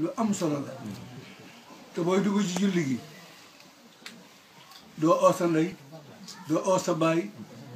lu am solo la te booy dugg ci julli gi doo oo sa ndey doo oo sa baay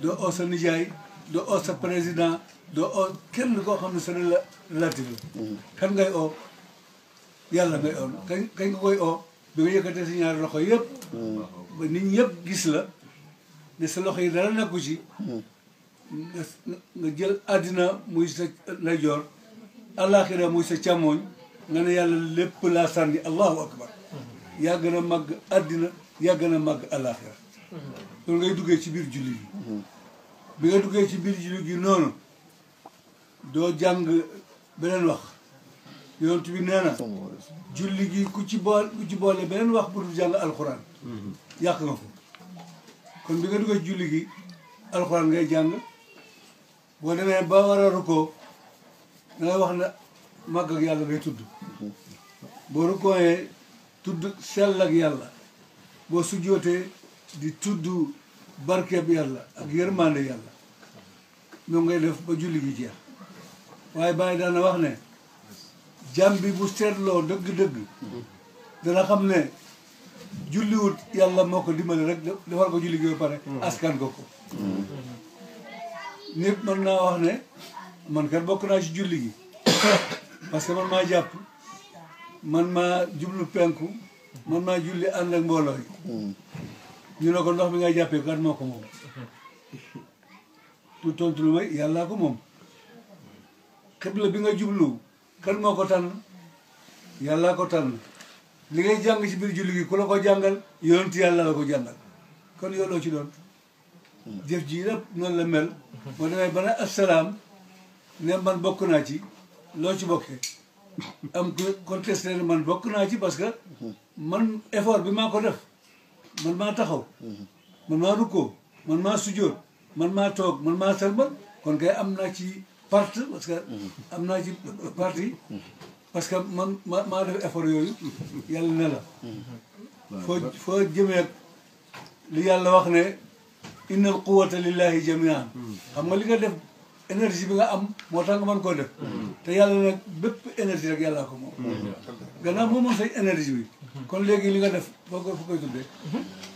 doo oo sa nijaay doo oo sa président doo oo kenn koo xam ne sa relatif bi kan ngay oo yàlla ngay oo kañ kañ nga koy oo bi nga yëkkatee si ñaari loxo yëpp nit ñëpp gis la ne sa loxo yi dara nekku ci nga nga jël àddina muy sa ndeyjoor àllaaxira muy sa càmmooñ nga ne yàlla lépp laa sànni allahu akbar yàgg gën a màgg àddina yàgg na a màgg àllaaxira ngay duggee ci biir julli gi bi nga duggee ci biir julli gi noonu doo jàng beneen wax yonent bi nee julli gi ku ci boole ci boole beneen wax bu dul jàng alxuraan yàq nga ko kon bi nga duggee ci julli gi alxuraan ngay jàng boo demee ba war a rukkoo da wax ne màgg ak yàlla ngay tudd boo rukkooyee tudd sell ak yàlla boo sujjootee di tudd barkeb yàlla ak yërmande yàlla ñoo ngay def ba julli gi jeex waaye bàyyi daana wax ne jàm bi bu seetloo dëgg-dëgg dana xam ne julliwut yàlla moo ko dimbali rek defal ko julli gi ba pare askan ko ko nit mën naa wax ne man kat bokk naa ci julli gi parce man maa jàpp man maa jublu penku man maa julli ànd ak mbooloo ñu ne ko ndox mi ngay jàppee kan moo ko moom tu tontu lu may yàllaa ko moom xibla bi nga jublu kan moo ko tànn yàllaa ko tànn li ngay jàng ci biir julli gi ku la ko jàngal yonent yàlla la ko jàngal kon yooloo ci doon jëf ji yëpp noonu la mel moo demee bana asalaam ne man bokk naa ci loo ci bokkee am contesté leen man bokk naa ci parce que man effort bi maa ko def man maa taxaw man maa rukkoo man maa sujjóot man maa toog man maa sarbal kon kay am naa ci part parce que am naa ci parti parce que man ma maa def effort yooyu yàlla ne la foo foo jëmee li yàlla wax ne innal quwwata lillahi jamian xam nga li nga def énergie bi nga am moo tax nga mën koo def te yàlla nag bépp énergie rek yàllaa ko moom gannaaw moom moom say bi kon léegi li nga def boo ko fu koy tuddee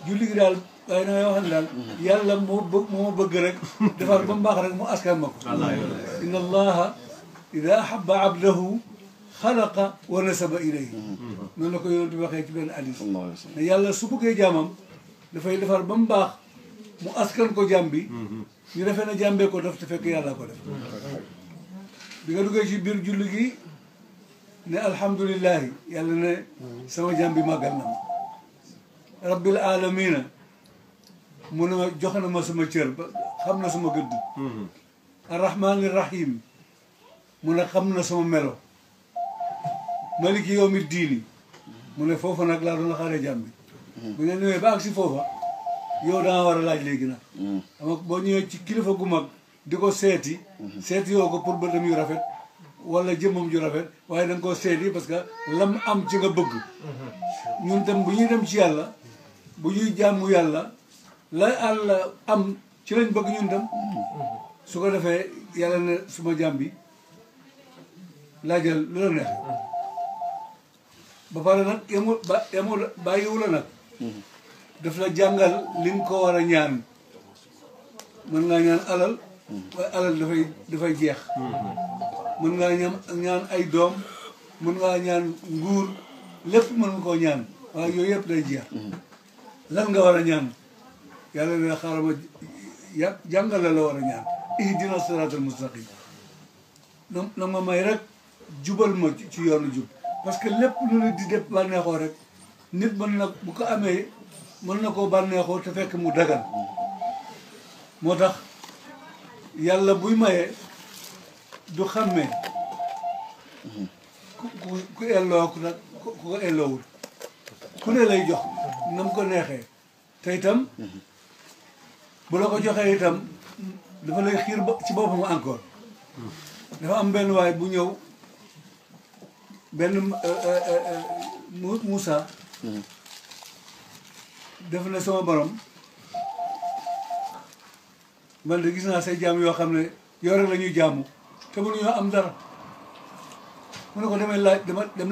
julli gi daal waaye na yoo xam ne daal yàlla moo bëgg moo bëgg rek defar ba mu baax rek mu askan ma ko inna allaha ida ahaba abdahu xalaqa wa nasaba ilayhi noonu la ko yonent bi waxee ci benn hadis ne yàlla su bëggee jaamam dafay defar ba mu baax mu askan ko jaam bi ni defe na jàmbee ko def te fekk yàlla ko def bi nga duggee ci biir julli gi ne alhamdulillahi yàlla ne sama jàmbi màggal na ma rabbil alamina mu ne ma jox na ma sama cër ba xam na sama gëdd arrahmani rahim mu ne xam sama melo maliki yawmi diini mu ne foofu nag laa doon xaaree jàmbi bu nga ñëwee ba agsi foofa yow danga war a laaj léegi na mm. boo ñëwee ci kilifa gu mag di ko seeti. Mm-hmm. seeti yoo ko pour bëtam yu rafet wala jëmmam ju rafet waaye da koo seeti parce que lam am ci nga bëgg. Mm-hmm. ñun tam bu ñuy dem ci yàlla bu ñuy jàmmu yàlla la àlla am ci lañ bëgg ñun tam. Mm-hmm. su ko defee yàlla ne suma jàmm bi laajal lu la neex ba pare nag yamu ba yamu bàyyiwu la nag. daf la jàngal li ko wara ñaan mën nga ñaan alal waaye alal da fay jeex mën nga ñam ñaan ay doom mën nga ñaan nguur lepp mën ko ñaan wa yoy yep day jeex lan nga wara ñaan yalla ne xaram ma la wara ñaan ihdina siratal mustaqim no no may rek jubal ma ci yoonu jub parce que lepp lu ne di def bànneexoo rek nit man nak bu ko amé mën na koo bànneexoo te fekk mu dagan moo tax yàlla buy maye du xàmmee ku ku elloo ku nag ku ko elloowul ku ne lay jox nam ko neexee te itam bu la ko joxee itam dafa lay xiir ci boppam encore dafa am benn waay bu ñëw benn euh, euh, euh, Moussa def na sama borom man de gis naa say jaam yoo xam ne yow rek la ñuy jaamu te mënuñoo am dara mu ne ko demee laaj dama dem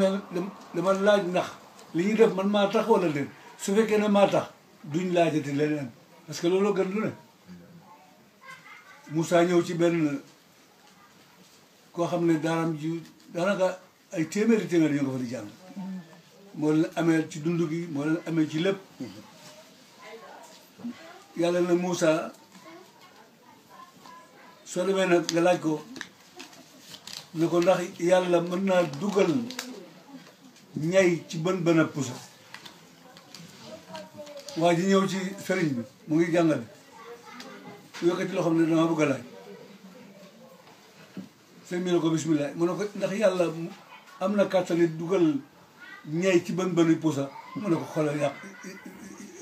dama laaj ndax li ñuy def man maa tax wala leen su fekkee ne maa tax duñ laaj laajati leneen parce que loolu gën lu ne Moussa ñëw ci benn koo xam ne daaram ji daanaka ay téeméeri téeméeri ñoo ko fa di jàng moo leen amee ci dund gi moo leen amee ci lépp yàlla na Moussa soo demee nag nga laaj ko ne ko ndax yàlla mën naa dugal ñay ci bën bën a pusa waa ji ñëw ci sëriñ bi mu ngi jàngale yëkkati loo xam ne dama bëgg a laaj sëriñ bi ne ko bismillah mu ne ko ndax yàlla am na kàttani dugal ñay ci bën bën pusa mu ne ko xoolal yàq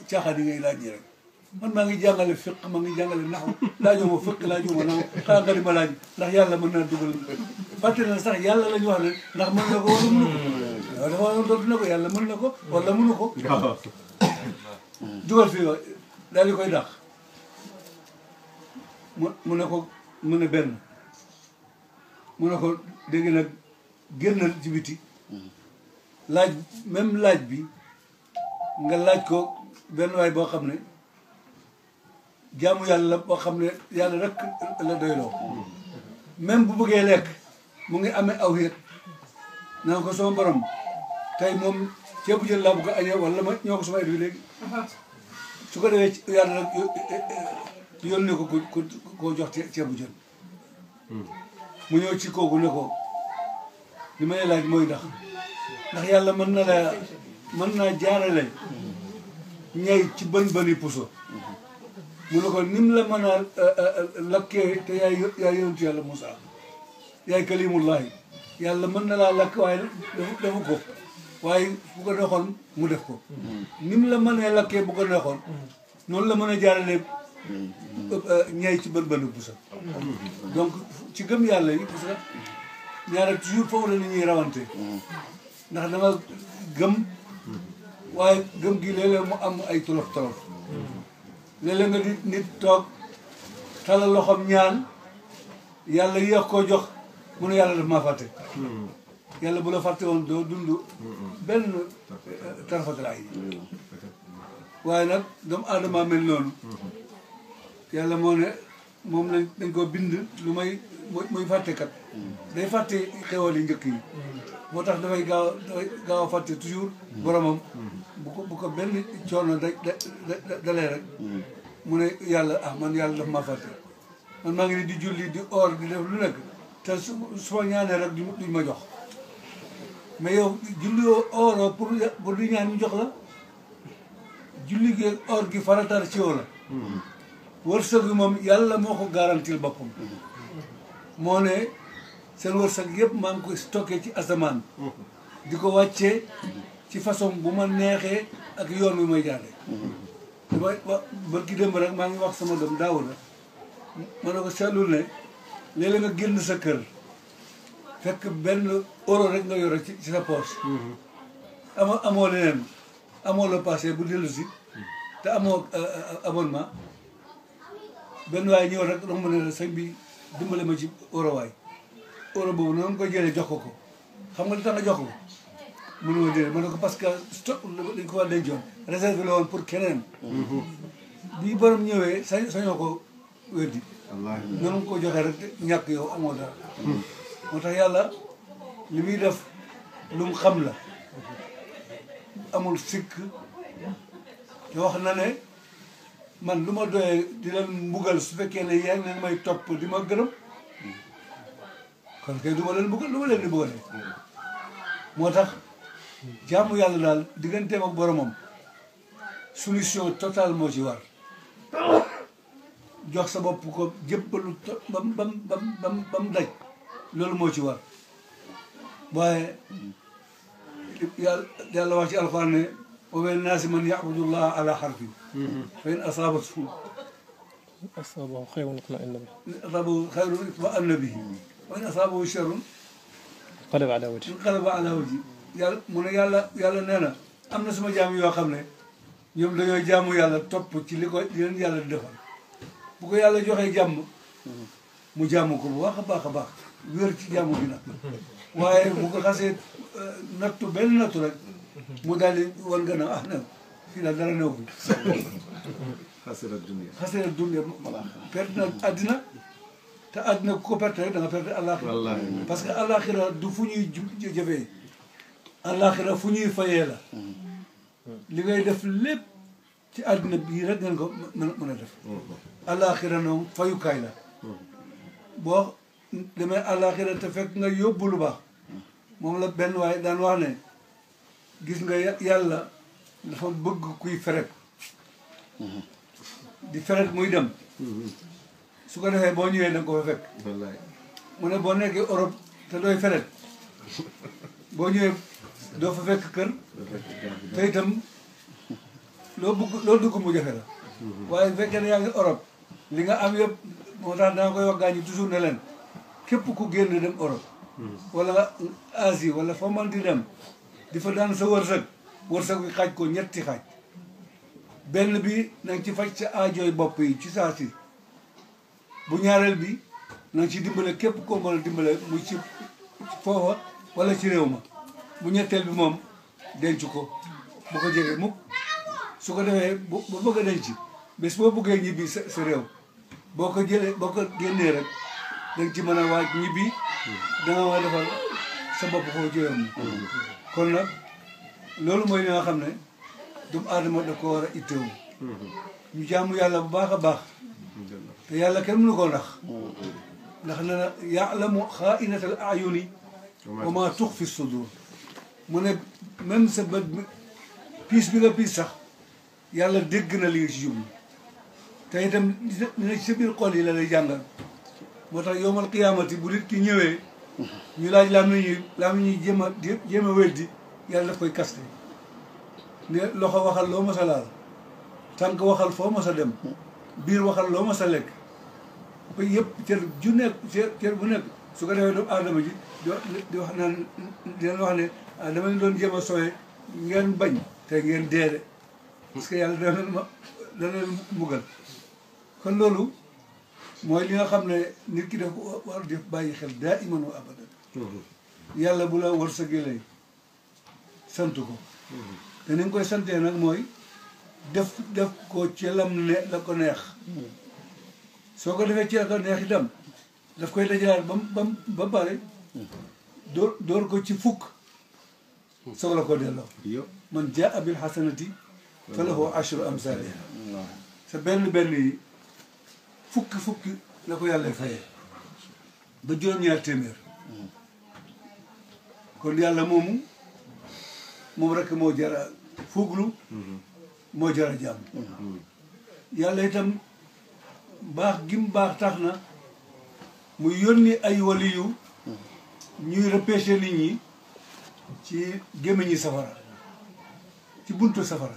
caaxaan yi ngay laaj ñi rek man maa ngi jàngale fiq maa ngi jàngale naxu laajoo ma fiq laajoo ma naa xanaa nga ma laaj ndax yàlla mën naa dugal fàtte na sax yàlla la ñu wax ne ndax mën na ko wax dootu na ko yàlla mën na ko wala mënu ko jugal fii daal di koy dàq mu mu ne ko mu ne benn mu ne ko dégg nag laaj même laaj bi nga laaj ko benn waay boo xam ne jaamu yàlla la boo xam ne yàlla rek la doyloo même bu bëggee lekk mu ngi amee aw yët naan ko sama borom tey moom ceebu jël laa bëgg a añee wala ñoo ko sama bi léegi su ko defee yàlla rek eh, eh, eh, yónni ko ku koo jox ceebu jël mu ñëw ci kooku ne ko li may laaj mooy ndax ndax yàlla mën na la mën ñay ci bën bëni puso mu ne ko ni la mën a eh, eh, eh, lakkee te yaay yaay yonentu yàlla Moussa yaay kalimullahi yàlla mën na laa lakk waaye defu ko waaye bu ko neexoon mu def ko mm-hmm. ni la mën a lakkee bu ko neexoon mm-hmm. noonu la mën a jaaralee mm-hmm. ñaay ci bën bënu busa donc ci gëm yàlla yi parce que ñaare toujours foofu la nit ñuy rawante ndax dama gëm waaye gëm gi léeg-léeg mu am ay tolof tolof léeg-léeg nga nit toog talal loxoom ñaan yàlla yéex koo jox mu ne yàlla daf ma fàtte hmm. yàlla bu la fàtte woon doo dund hmm. benn hmm. eh, tarfatalaay yi waaye nag doomu aadama mel noonu yàlla moo ne moom lañ dañ koo bind lu may muy fàttekat day fàtte xewal yi njëkk yi moo tax dafay gaaw dafay gaaw a fàtte toujours boromam ko bu ko benn coono da da dalee rek. Mm. mu ne yàlla ah man yàlla daf ma fàtte man maa ngi nii di julli di or di def lu nekk te su su ma ñaanee rek duñ ma jox mais yow julli oroo pour pour di ñaan ñu jox la julli gi or gi faratar ci yow la. Mm. wërsëg bi moom yàlla moo ko garantil boppam. Mm. moo ne seen wërsëg yëpp maa ngi ko stocké ci asamaan. di ko wàccee. ci façon bu ma neexee ak yoon wi may jàllee dama mm-hmm. wax bërki démb rek maa ngi wax sama doom daaw la ma ne ko seetlul ne léeg-léeg nga génn sa kër fekk benn euro rek nga yore ci ci sa poche mm-hmm. amoo amoo leneen amoo le passé bu dellu si mm-hmm. te amoo abonnement benn waaye ñëw rek romb ne sëñ bi dimbale ma ci euro waay euro boobu noonu nga koy jëlee jox ko ko xam nga li tax nga jox ko mu ne ma déedéet ma ko parce que stock dañ ko war dencoon réserve la woon pour keneen bii boroom ñëwee sañ sañoo ko weddi noonu ko joxee rek ñàkk yow amoo dara moo tax yàlla li muy def lu mu xam la amul sikk te wax na ne man lu ma doyee di leen mbugal su fekkee ne yaa ngi may topp di ma gërëm kon kay du leen mbugal lu leen di mbugalee moo tax jamu yàlla daal digganteem ak boromam solution total moo ci war jox sa bopp ko jëppalu bam bam bam bam bam daj loolu moo ci war waaye yàlla yàlla wax ci alxuraan ne wa min naasi man yacbudullaha ala xarfin fa in asaabathu asaabahu xayrun itma'anna bihi asaabahu xayrun itma'anna bihi wa in asaabahu sharrun inqalaba ala wajhihi inqalaba ala yàlla mu ne yàlla yàlla nee na am na sama jàmm yoo xam ne ñoom dañoo jàmm yàlla topp ci li ko leen yàlla defal bu ko yàlla joxee jàmm mu jàmm ko bu baax a baax a baax wér ci jaamu bi nag waaye bu ko xasee euh, nattu benn nattu rek mu daal di wan gën a ah ne fii daal dara néew fi xasee la dunya xasee la dunya àddina te àddina ku ko perte rek da nga perte àllaaxira parce que àllaaxira du fu ñuy jëfee àllaaxira fu ñuy fayee la li ngay def lépp ci àddina bii rek ngeen ko mën a def àllaaxira noonu fayukaay la boo demee àllaaxira te fekk nga yóbbu lu baax moom la benn waaye daan wax ne gis nga yàlla dafa bëgg kuy feret di feret muy dem su ko defee boo ñëwee da nga ko fa fekk mu ne boo nekkee Europe te dooy feret boo ñëwee doo fa fekk kër te itam loo bëgg loo dugg mu jafe la waaye fekkee ne yaa ngi Europe li nga am yëpp moo tax danga koy wax gaañu toujours ne leen képp ku génn dem Europe wala Asie wala fa man di dem di fa daan sa wërsëg wërsëg bi xaaj ko ñetti xaaj benn bi nanga ci faj sa aajooy bopp yi ci saa si bu ñaareel bi nanga ci dimbale képp koo mën dimbale mu ci foofa wala ci réew ma bu ñetteel bi moom denc ko bu ko jegee mukk su ko defee bu bëgg a denc bés boo bëggee ñibbi sa sa réew boo ko jëlee boo ko génnee rek danga ci mën a waaj ñibbi danga war defal sa bopp koo jóyam kon nag loolu mooy li nga xam ne doomu aadama da ko war a itteewu ñu jàmm yàlla bu baax a baax te yàlla kenn mënu koo ndax ndax na mu yaalamu xaainatal ayuni wa maa tux fi sudur mu ne même sa bët piis bi nga piis sax yàlla dégg na li nga ci te itam dina ci biir xol yi la lay jàngal moo tax yowmal qiyaamati bu nit ki ñëwee ñu laaj laam nañuy laam nañuy jéem a jéem a yàlla daf koy kaste ne loxo waxal loo mas a laal tànk waxal foo mas sa dem biir waxal loo mas a lekk yëpp cër ju nekk cër bu nekk su ko defee doomu aadama ji di wax naan dina la wax ne ah dama leen doon jéem a sowe ngeen bañ te ngeen deede parce que yàlla dana leen ma dana leen mbugal kon loolu mooy li nga xam ne nit ki daf ko bàyyi xel daa iman wa abadan mhm. yàlla bu la war sa gélay sant ko mhm. te ni koy santee nag mooy def def ko ci lam ne la ko neex soo ko defee ci la ko neex itam daf koy dajalaat bam bam ba pare mhm. dóor dóor ko ci fukk soog la ko delloo man jaa abil xasanati fa lahu ashru amsaaliha sa benn benn yi fukki fukki la ko yàlla fayee ba juróom-ñaar téeméer kon yàlla moomu moom rek moo jara fuglu moo jara jàmm yàlla itam baax gim baax tax na mu yónni ay waliyu ñuy repêché nit ñi ci gémmiñi safara ci buntu safara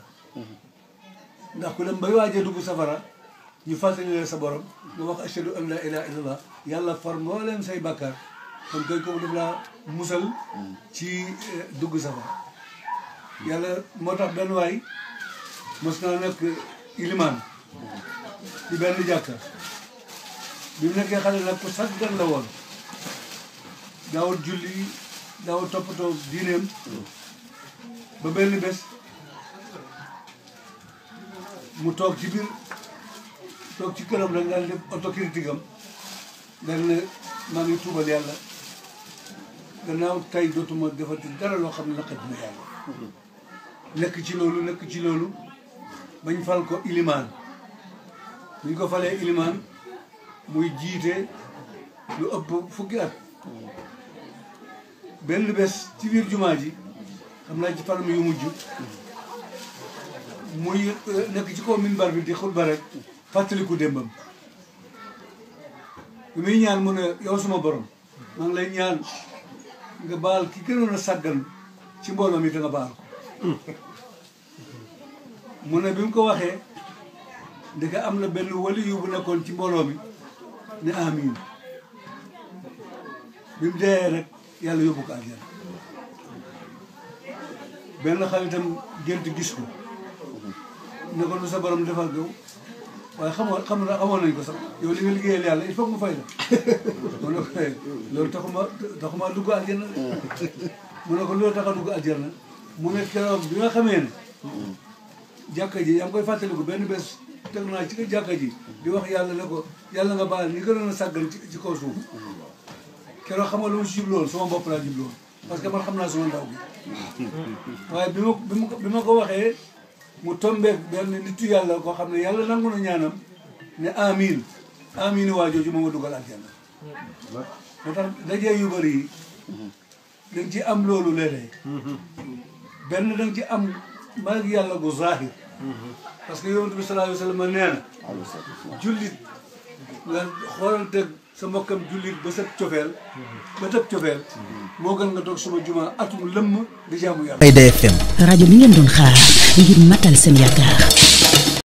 ndax ku dem bay waajee dugg safara ñu fàttali sa borom nga wax ashhadu an la ilaha illallah yàlla far mbooleem say bàkkaar kon koy ko daf laa musal ci eh, dugg safara yàlla moo tax benn waay mos naa nekk ilimaan ci benn jàkka bi mu nekkee xale nag ku saggan la woon daawul julli daw toppatoo diineem ba benn bés mu toog ci biir toog ci këram rek daal def autocritique am dañ ne maa ngi tuubal yàlla gannaaw tey dootuma defati dara loo xam ne nekk ci loolu nekk ci loolu bañ fal ko ilimaan buñ ko falee ilimaan muy jiite lu ëpp fukki at benn bés ci biir jumaa ji xam naa ci fanam yu mujj muy euh, nekk ci kaw minbar bi di xutba rek fàttaliku démbam bi muy ñaan mu ne yow suma borom maa ngi lay ñaan nga baal ki gënoon a sàggan ci mbooloo mi da nga baal ko mu ne bi mu ko waxee ndeke am na benn wali bu nekkoon ci mbooloo mi ne amin bi mu dee rek yàlla yóbbu ko àjjana benn xaritam gént gis ko ne ko nu sa borom defal gaw waaye xamoo xam na xamoon nañu ko sax yow li nga liggéeyal yàlla il faut que mu fay la mu ne ko eh, loolu taxuma taxuma dugg àjjana hmm. mu ne ko loolu tax a mu ne keroog bi nga xamee ne jàkka ji yaa ngi koy fàttaliku benn bés teg naa ci jàkka ji di wax yàlla ne ko yàlla nga baal ñi gënoon a sàggan ci kaw suuf keroog xam nga lu ma si jubluwoon sama bopp laa jubluwoon parce que man xam naa sama ndaw bi waaye bi ma bi ko bi ma ko waxee mu tombeek benn nitu yàlla koo xam ne yàlla nangu na ñaanam ne amiin amiin waa jooju moom ma dugal aljanna moo tax dajee yu bëri yi da ci am loolu léeg benn dañ ci am mag yàlla gu zahir parce que yonent bi sallallahu alayhi wa sallam nee na jullit la xoolal sa mbokkam jullit ba sëb cofeel ba tëb cofeel moo gën nga toog suma juma atum lëmm di jaamu yàlla. Fayda FM rajo bi ngeen doon xaar ngir matal seen yaakaar.